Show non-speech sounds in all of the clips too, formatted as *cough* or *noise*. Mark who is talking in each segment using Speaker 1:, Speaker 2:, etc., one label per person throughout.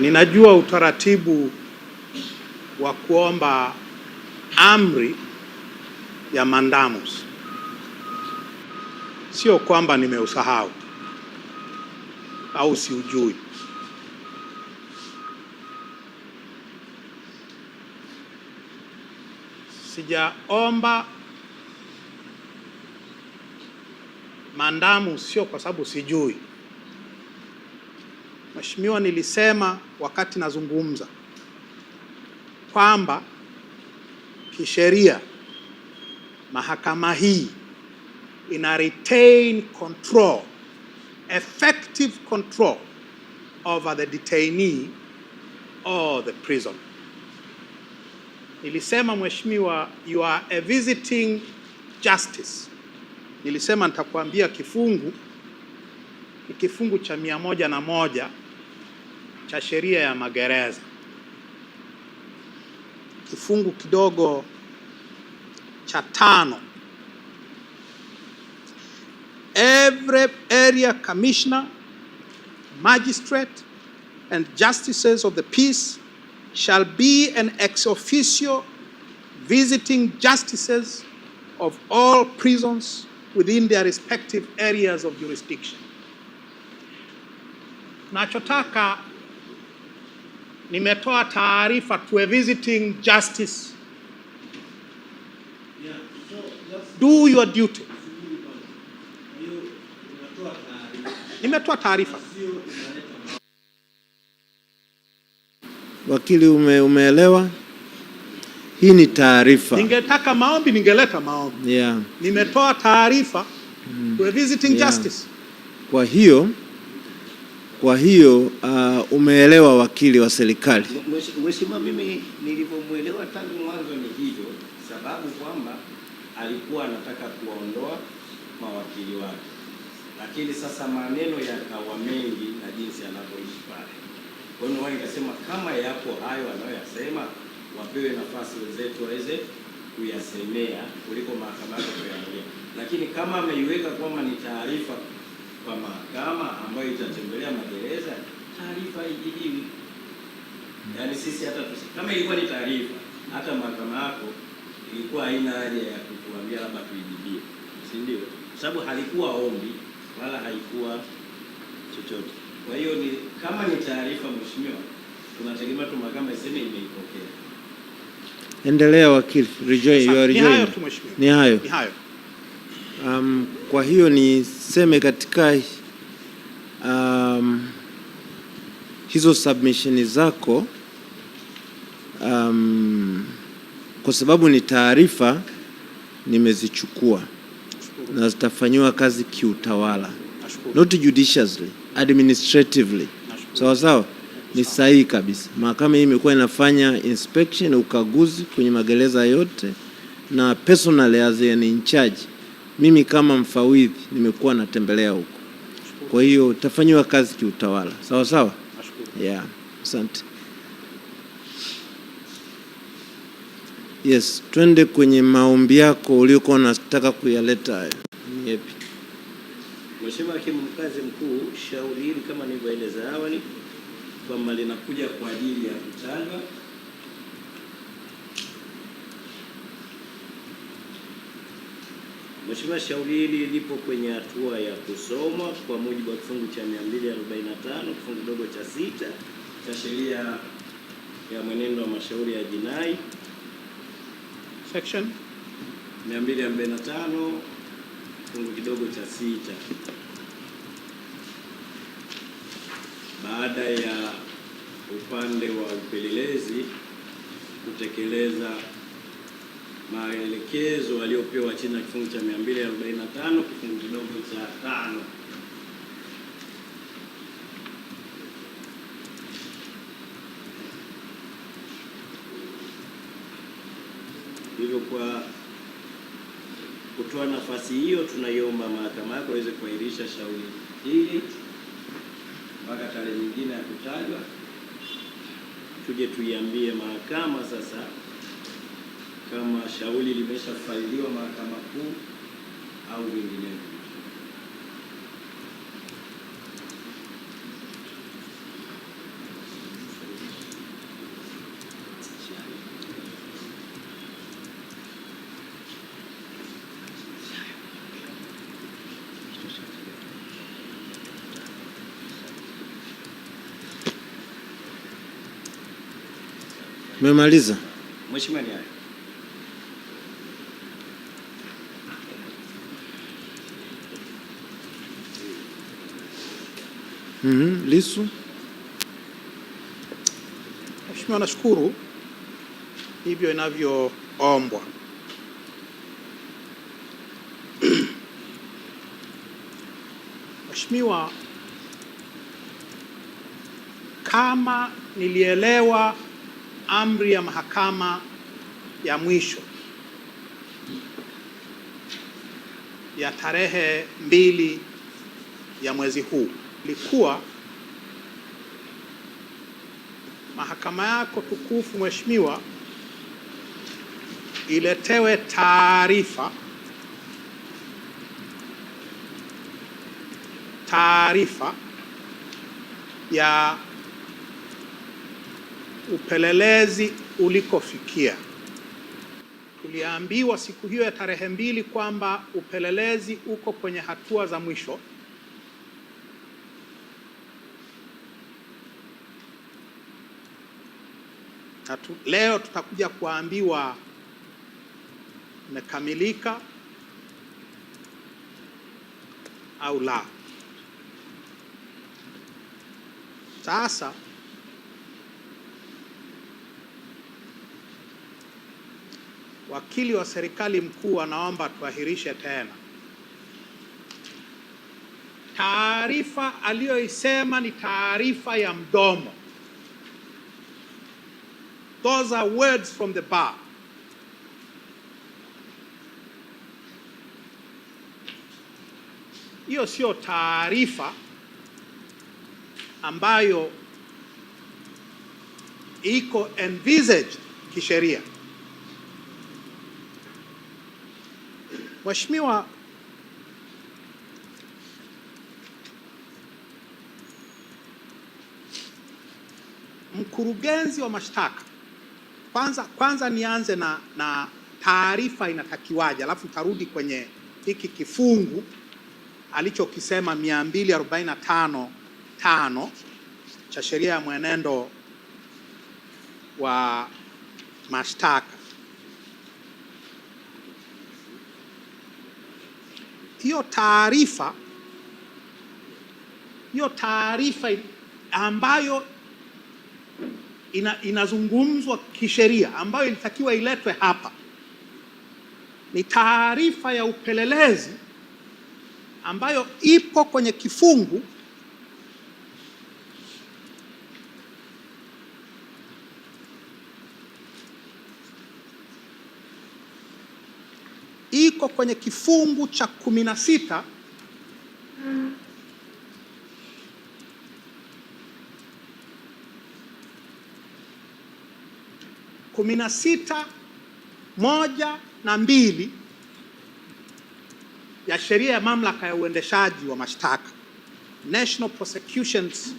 Speaker 1: Ninajua utaratibu wa kuomba amri ya mandamus, sio kwamba nimeusahau au siujui. Sijaomba mandamu sio kwa sababu sijui. Mheshimiwa, nilisema wakati nazungumza kwamba kisheria mahakama hii ina retain control, effective control over the detainee or the prison. Nilisema mheshimiwa, you are a visiting justice. Nilisema nitakuambia kifungu ni kifungu cha mia moja na moja cha sheria ya magereza kifungu kidogo cha tano every area commissioner magistrate and justices of the peace shall be an ex officio visiting justices of all prisons within their respective areas of jurisdiction. Nachotaka nimetoa taarifa to a visiting justice do your duty. Nimetoa taarifa.
Speaker 2: Wakili, ume, umeelewa? Hii ni taarifa.
Speaker 1: Ningetaka maombi, ningeleta maombi. Yeah. Nimetoa taarifa mm. to a visiting yeah. justice.
Speaker 2: Kwa hiyo kwa hiyo uh, umeelewa wakili wa serikali.
Speaker 3: Mheshimiwa, mimi nilivyomwelewa tangu mwanzo ni hivyo, sababu kwamba alikuwa anataka kuwaondoa mawakili wake, lakini sasa maneno yakawa mengi na jinsi anavyoishi pale. Kwa hiyo nikasema kama yapo hayo anayoyasema, wapewe nafasi wenzetu waweze kuyasemea kuliko mahakamani yake lakini kama ameiweka kwamba ni taarifa kwa mahakama ambayo itatembelea magereza, taarifa ijibiwi. Yaani sisi hata tusi, kama ilikuwa ni taarifa, hata mahakama yako ilikuwa haina haja ya kutuambia labda tuijibie, si ndio? Sababu halikuwa ombi wala haikuwa chochote. Kwa hiyo ni kama ni taarifa, mheshimiwa, tunategemea tu mahakama iseme imeipokea.
Speaker 2: Endelea wakili, rejoin you are rejoined. Ni hayo. Um, kwa hiyo niseme katika um, hizo submission zako um, kwa sababu ni taarifa nimezichukua na zitafanyiwa kazi kiutawala, not judicially, administratively. Sawa sawa, ni sahihi kabisa. Mahakama hii imekuwa inafanya inspection, ukaguzi kwenye magereza yote na personally as an in charge mimi kama mfawidhi nimekuwa natembelea huko, kwa hiyo utafanyiwa kazi kiutawala. Sawa sawa, yeah. Asante. Yes, twende kwenye maombi yako uliokuwa unataka kuyaleta hayo. Ni yapi?
Speaker 3: Mheshimiwa Hakimu Mkazi Mkuu, shauri hili kama nilivyoeleza awali kwamba linakuja kwa ajili ya kutanga Mheshimiwa, shauri hili lipo kwenye hatua ya kusoma kwa mujibu wa kifungu cha 245 kifungu dogo cha sita cha sheria ya mwenendo wa mashauri ya jinai section 245 kifungu kidogo cha sita baada ya upande wa upelelezi kutekeleza maelekezo aliyopewa chini ya kifungu cha 245 kifungu kidogo cha tano. Hivyo kwa kutoa nafasi hiyo, tunaiomba mahakama yako iweze kuahirisha shauri hili mpaka tarehe nyingine ya kutajwa, tuje tuiambie mahakama sasa kama shauri limeshafailiwa Mahakama Kuu au vinginevyo. Memaliza Mheshimiwa.
Speaker 2: Mm -hmm. Lisu.
Speaker 1: Mheshimiwa, nashukuru hivyo inavyoombwa. *clears throat* Mheshimiwa, kama nilielewa amri ya mahakama ya mwisho ya tarehe mbili ya mwezi huu likuwa mahakama yako tukufu, mheshimiwa, iletewe taarifa taarifa ya upelelezi ulikofikia. Tuliambiwa siku hiyo ya tarehe mbili kwamba upelelezi uko kwenye hatua za mwisho. tatu. leo tutakuja kuambiwa imekamilika au la. Sasa wakili wa serikali mkuu anaomba tuahirishe tena taarifa aliyoisema ni taarifa ya mdomo Those are words from the bar Hiyo sio taarifa ambayo iko envisaged kisheria. Mheshimiwa mkurugenzi wa mashtaka kwanza kwanza nianze na, na taarifa inatakiwaje, alafu tarudi kwenye hiki kifungu alichokisema 245 tano cha sheria ya mwenendo wa mashtaka. Hiyo taarifa hiyo taarifa ambayo ina, inazungumzwa kisheria ambayo ilitakiwa iletwe hapa ni taarifa ya upelelezi ambayo ipo kwenye kifungu iko kwenye kifungu cha kumi na sita sita moja na mbili ya sheria ya mamlaka ya uendeshaji wa mashtaka National Prosecutions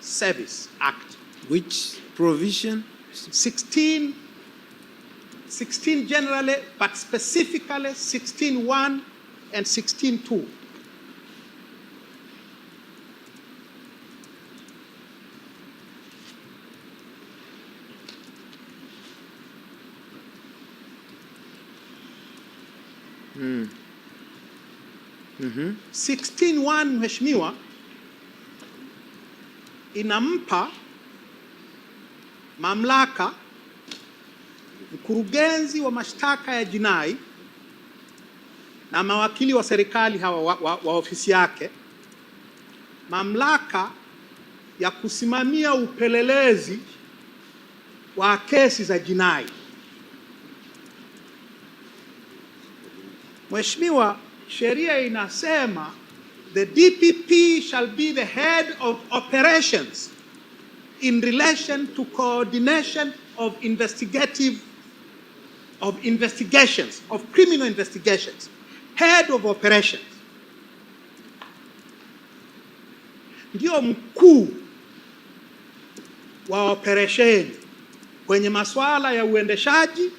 Speaker 1: Service Act which provision 16 16 generally but specifically 161 and 162
Speaker 2: 16.1 hmm.
Speaker 1: mm-hmm. Mheshimiwa, inampa mamlaka mkurugenzi wa mashtaka ya jinai na mawakili wa serikali hawa wa, wa, wa ofisi yake mamlaka ya kusimamia upelelezi wa kesi za jinai. Mheshimiwa, sheria inasema the DPP shall be the head of operations in relation to coordination of investigative of investigations of criminal investigations, head of operations ndio mkuu wa operesheni kwenye masuala ya uendeshaji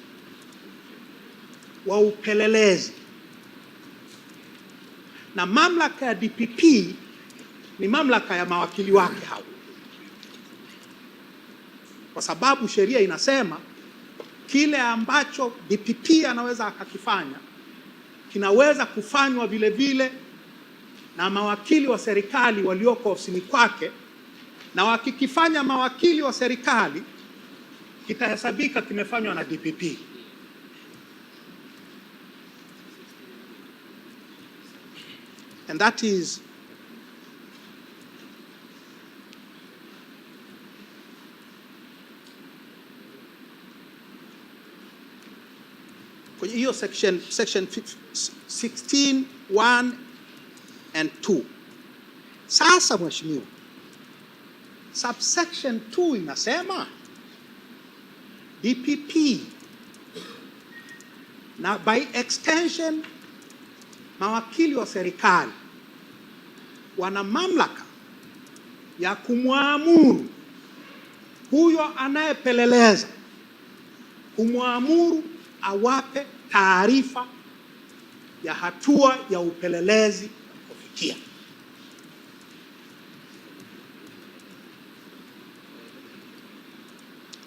Speaker 1: wa upelelezi na mamlaka ya DPP ni mamlaka ya mawakili wake hao, kwa sababu sheria inasema kile ambacho DPP anaweza akakifanya kinaweza kufanywa vile vile na mawakili wa serikali walioko ofisini kwake, na wakikifanya mawakili wa serikali kitahesabika kimefanywa na DPP. and that is kwenye hiyo section, section 16 1 and 2. Sasa mheshimiwa, subsection 2 inasema DPP na by extension mawakili wa serikali wana mamlaka ya kumwamuru huyo anayepeleleza, kumwamuru awape taarifa ya hatua ya upelelezi kufikia.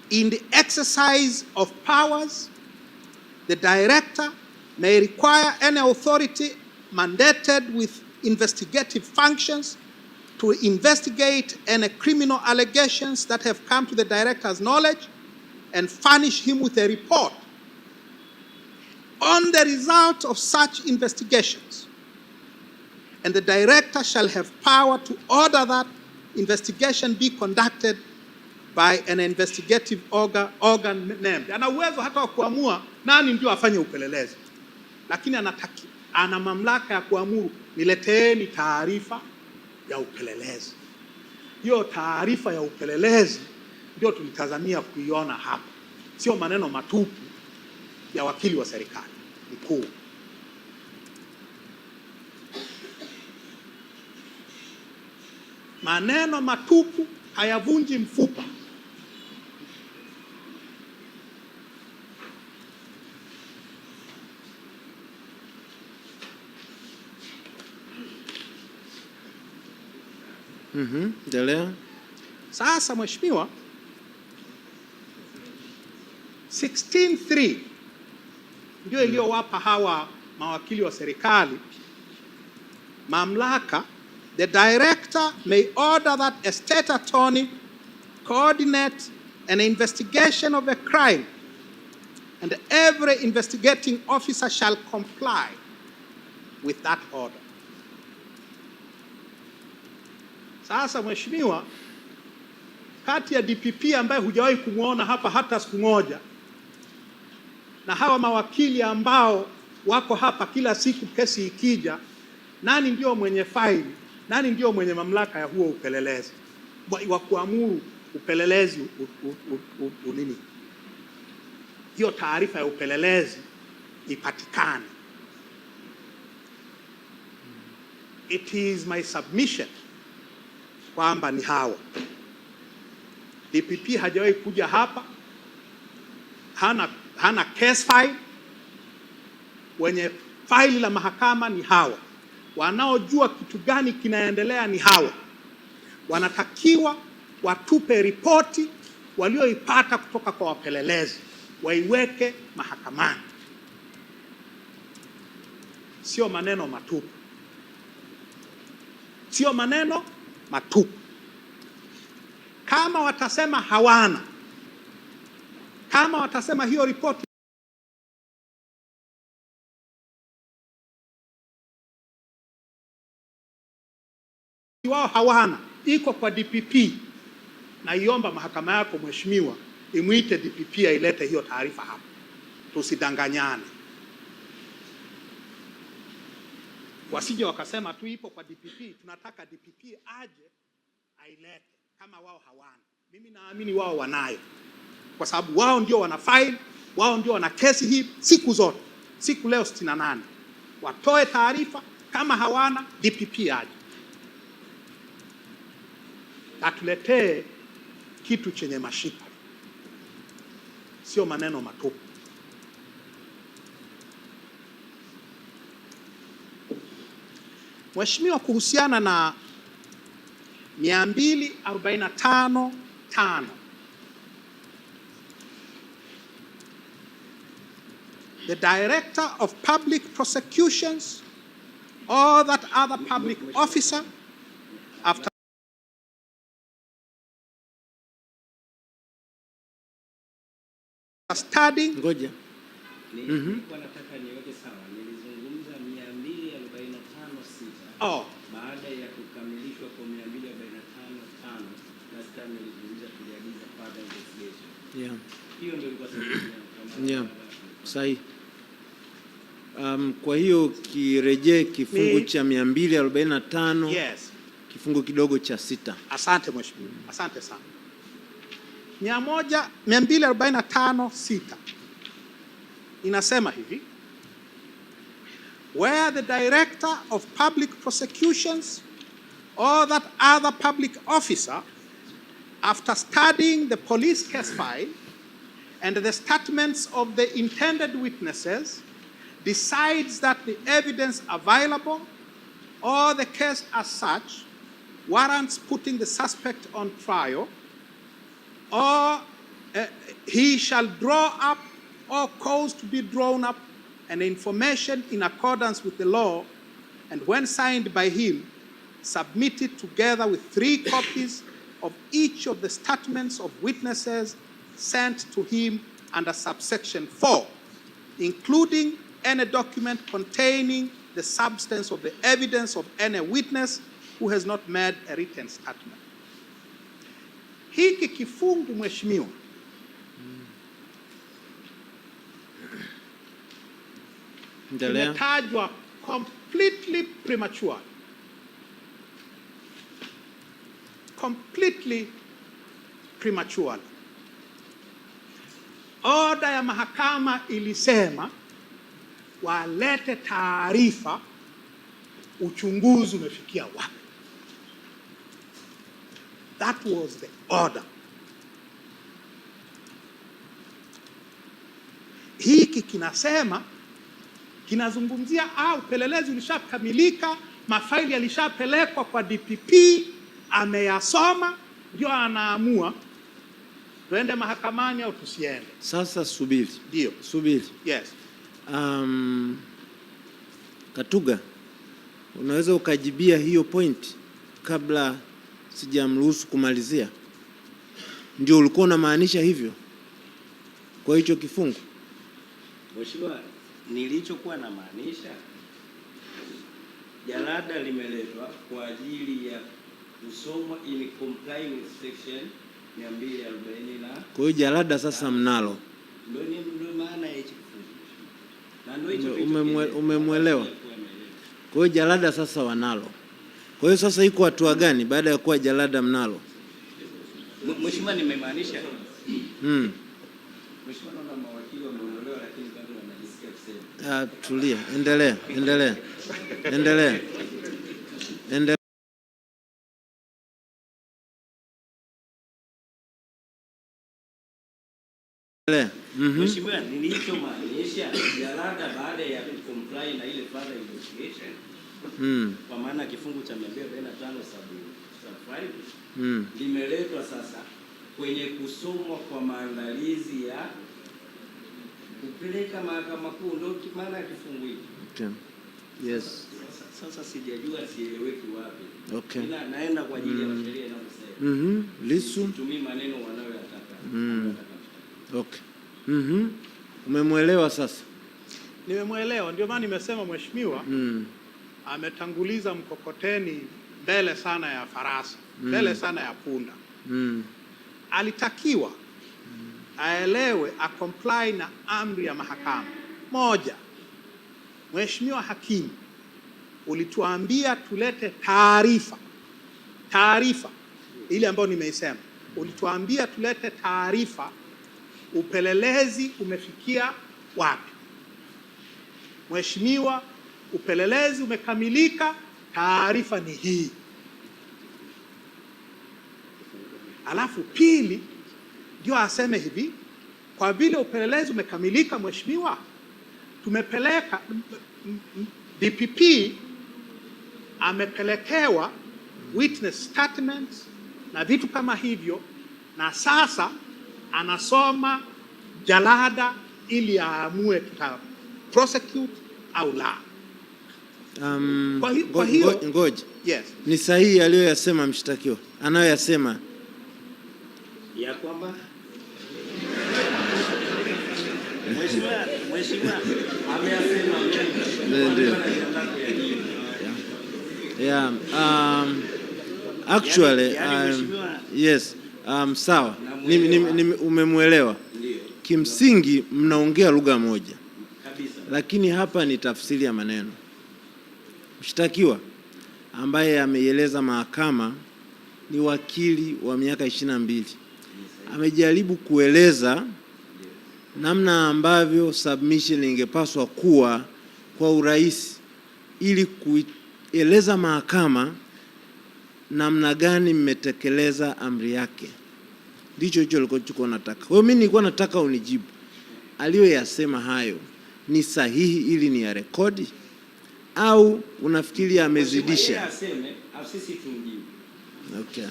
Speaker 1: In the exercise of powers, the director may require any authority mandated with investigative functions to investigate any criminal allegations that have come to the director's knowledge and furnish him with a report on the result of such investigations. And the director shall have power to order that investigation be conducted by an investigative organ, organ named. Ana uwezo hata wa kuamua nani ndio afanye upelelezi, lakini anatakiwa ana mamlaka ya kuamuru nileteeni taarifa ya upelelezi. Hiyo taarifa ya upelelezi ndio tulitazamia kuiona hapa, sio maneno matupu ya wakili wa serikali mkuu. Maneno matupu hayavunji mfupa.
Speaker 2: Mhm, endelea. Mm -hmm.
Speaker 1: Sasa mheshimiwa, 16.3 ndio iliyowapa hawa mawakili wa serikali mamlaka, the director may order that a state attorney coordinate an investigation of a crime and every investigating officer shall comply with that order. Sasa mheshimiwa, kati ya DPP ambaye hujawahi kumwona hapa hata siku moja na hawa mawakili ambao wako hapa kila siku kesi ikija, nani ndio mwenye faili? Nani ndio mwenye mamlaka ya huo upelelezi wa kuamuru upelelezi unini, hiyo taarifa ya upelelezi ipatikane? It is my submission kwamba ni hawa. DPP hajawahi kuja hapa, hana, hana case file. Wenye faili la mahakama ni hawa, wanaojua kitu gani kinaendelea ni hawa. Wanatakiwa watupe ripoti walioipata kutoka kwa wapelelezi, waiweke mahakamani, sio maneno matupu, sio maneno matupu. Kama watasema hawana, kama watasema hiyo ripoti wao hawana, iko kwa DPP, naiomba mahakama yako mheshimiwa, imwite DPP ailete hiyo taarifa hapa, tusidanganyane. wasije wakasema tu ipo kwa DPP, tunataka DPP aje ailete kama wao hawana. Mimi naamini wao wanayo, kwa sababu wao ndio wana file, wao ndio wana kesi hii siku zote, siku leo 68 watoe taarifa kama hawana DPP aje atuletee kitu chenye mashiko, sio maneno matupu. Mheshimiwa, kuhusiana na 245 the director of public prosecutions or that other public officer after studying.
Speaker 2: Ngoja.
Speaker 3: Mm yao. Oh. Baada ya kukamilishwa kwa last time nilizungumza, tuliagiza further investigation. Yeah. Hiyo ndio ilikuwa sababu.
Speaker 2: Yeah. Sahihi. Um, kwa hiyo kirejee kifungu cha 245. Yes. Kifungu kidogo cha sita.
Speaker 1: Asante mheshimiwa. Asante sana. 100 245 sita. inasema hivi where the director of public prosecutions or that other public officer, after studying the police case file and the statements of the intended witnesses, decides that the evidence available or the case as such warrants putting the suspect on trial, or uh, he shall draw up or cause to be drawn up and information in accordance with the law, and when signed by him, submitted together with three copies of each of the statements of witnesses sent to him under subsection 4, including any document containing the substance of the evidence of any witness who has not made a written statement. Hiki kifungu mheshimiwa imetajwa completely premature, completely premature. Oda ya mahakama ilisema walete taarifa uchunguzi umefikia wapi. That was the order. Hiki kinasema kinazungumzia ah, upelelezi ulishakamilika, mafaili yalishapelekwa kwa DPP, ameyasoma ndio anaamua tuende mahakamani au tusiende.
Speaker 2: Sasa subiri, ndio subiri.
Speaker 1: Yes. Um,
Speaker 2: Katuga, unaweza ukajibia hiyo point kabla sijamruhusu kumalizia. Ndio ulikuwa unamaanisha hivyo kwa hicho kifungu,
Speaker 3: Mheshimiwa? nilichokuwa na maanisha, jalada limeletwa kwa ajili ya kusoma ili comply with section 240 na kwa
Speaker 2: hiyo jalada sasa mnalo,
Speaker 3: ndio ndio maana ya hicho
Speaker 2: kifungu, umemwelewa? Kwa hiyo jalada sasa wanalo. Kwa hiyo sasa iko hatua gani baada ya kuwa jalada mnalo?
Speaker 3: Mheshimiwa, nimemaanisha mm. Mheshimiwa, naona
Speaker 2: Uh, tulia, endelea, endelea, endelea, endelea.
Speaker 3: Mm-hmm. Mheshimiwa, nilichomaanisha jalada baada ya comply na ile further investigation mm. kwa maana kifungu cha 245 sub 5 mm. limeletwa sasa kwenye kusomwa kwa maandalizi ya kupeleka mahakama kuu, ndio maana ya kifungu
Speaker 2: Okay. Yes.
Speaker 3: Sasa sijajua sieleweki wapi. Okay. naenda kwa ajili ya mm. sheria
Speaker 2: Mhm. Lisu.
Speaker 3: Tumii maneno wanayoyataka.
Speaker 2: Mm. Mhm. Okay. Mhm. Umemwelewa sasa?
Speaker 1: Nimemwelewa, ndio maana nimesema mheshimiwa mm. ametanguliza mkokoteni mbele sana ya farasi, mm. mbele mm. sana ya punda mm. alitakiwa aelewe acomply na amri ya mahakama. Moja, Mheshimiwa Hakimu, ulituambia tulete taarifa, taarifa ile ambayo nimeisema, ulituambia tulete taarifa, upelelezi umefikia wapi? Mheshimiwa, upelelezi umekamilika, taarifa ni hii. Alafu pili ndio aseme hivi, kwa vile upelelezi umekamilika, mheshimiwa, tumepeleka DPP amepelekewa witness statements na vitu kama hivyo, na sasa anasoma jalada ili aamue tuta prosecute au la.
Speaker 2: Um, kwa hi, kwa hiyo, ngoja. Yes. Ni sahihi aliyoyasema mshtakiwa anayoyasema ya kwamba sawa. umemwelewa kimsingi, mnaongea lugha moja kabisa, lakini hapa ni tafsiri ya maneno. Mshtakiwa ambaye ameieleza mahakama ni wakili wa miaka ishirini na mbili amejaribu kueleza namna ambavyo submission ingepaswa kuwa kwa urahisi, ili kueleza mahakama namna gani mmetekeleza amri yake. Ndicho hicho nilikuwa nataka. Kwa hiyo mimi nilikuwa nataka unijibu aliyoyasema hayo ni sahihi, ili ni ya rekodi au unafikiri amezidisha? Okay,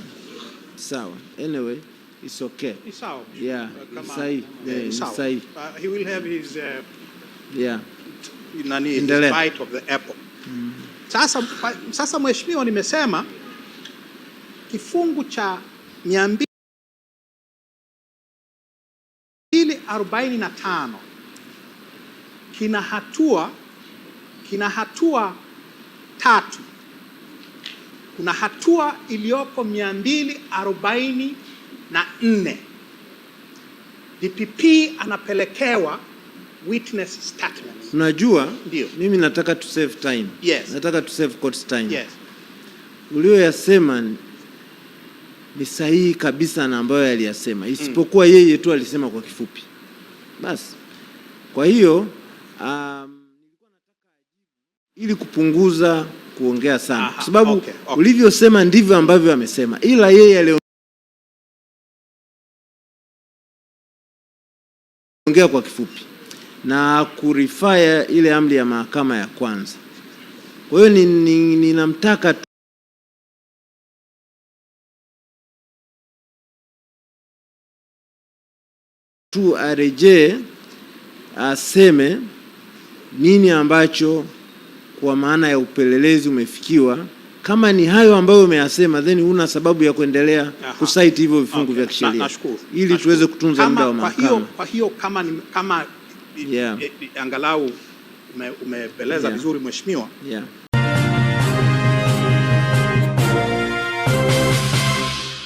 Speaker 2: sawa, anyway it's okay. It's out. Yeah, uh, it's out. Yeah, it's it's out.
Speaker 1: Uh, he will have his uh, Yeah. In, in, his Endelea. bite of the apple. Mm. Sasa sasa, mheshimiwa, nimesema kifungu cha 245 kina hatua kina hatua tatu. Kuna hatua iliyoko 245 na nne DPP anapelekewa witness statements.
Speaker 2: Unajua, ndio mimi nataka to save time. Yes. Nataka to save court time. Yes. Ulioyasema ni sahihi kabisa na ambayo aliyasema hmm. isipokuwa mm. yeye tu alisema kwa kifupi basi. Kwa hiyo um, ili kupunguza kuongea sana kwa sababu okay, okay. ulivyosema ndivyo ambavyo amesema ila yeye Ongea kwa kifupi na kurifaya ile amri ya mahakama ya kwanza. Kwa hiyo ninamtaka ni, ni tu arejee aseme nini ambacho kwa maana ya upelelezi umefikiwa. Kama ni hayo ambayo umeyasema, then una sababu ya kuendelea kusaiti hivyo vifungu okay. vya kisheria ili tuweze kutunza muda wa mahakama.
Speaker 1: Kwa hiyo kama, kama yeah. angalau umebeleza ume yeah. vizuri mheshimiwa
Speaker 2: yeah.